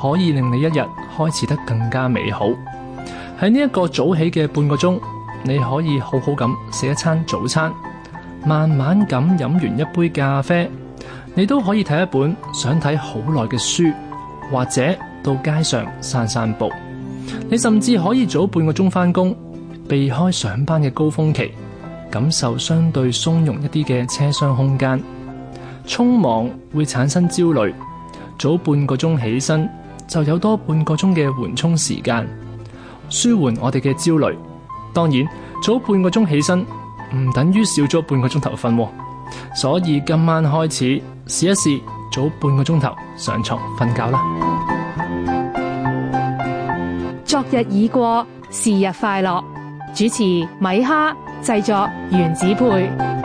可以令你一日開始得更加美好。喺呢一個早起嘅半個鐘，你可以好好咁食一餐早餐，慢慢咁飲完一杯咖啡，你都可以睇一本想睇好耐嘅書，或者到街上散散步。你甚至可以早半個鐘返工，避開上班嘅高峰期，感受相對鬆容一啲嘅車廂空間。匆忙會產生焦慮，早半個鐘起身。就有多半個鐘嘅緩衝時間，舒緩我哋嘅焦慮。當然，早半個鐘起身唔等於少咗半個鐘頭瞓，所以今晚開始試一試早半個鐘頭上床瞓覺啦。昨日已過，是日快樂。主持米哈，製作原子配。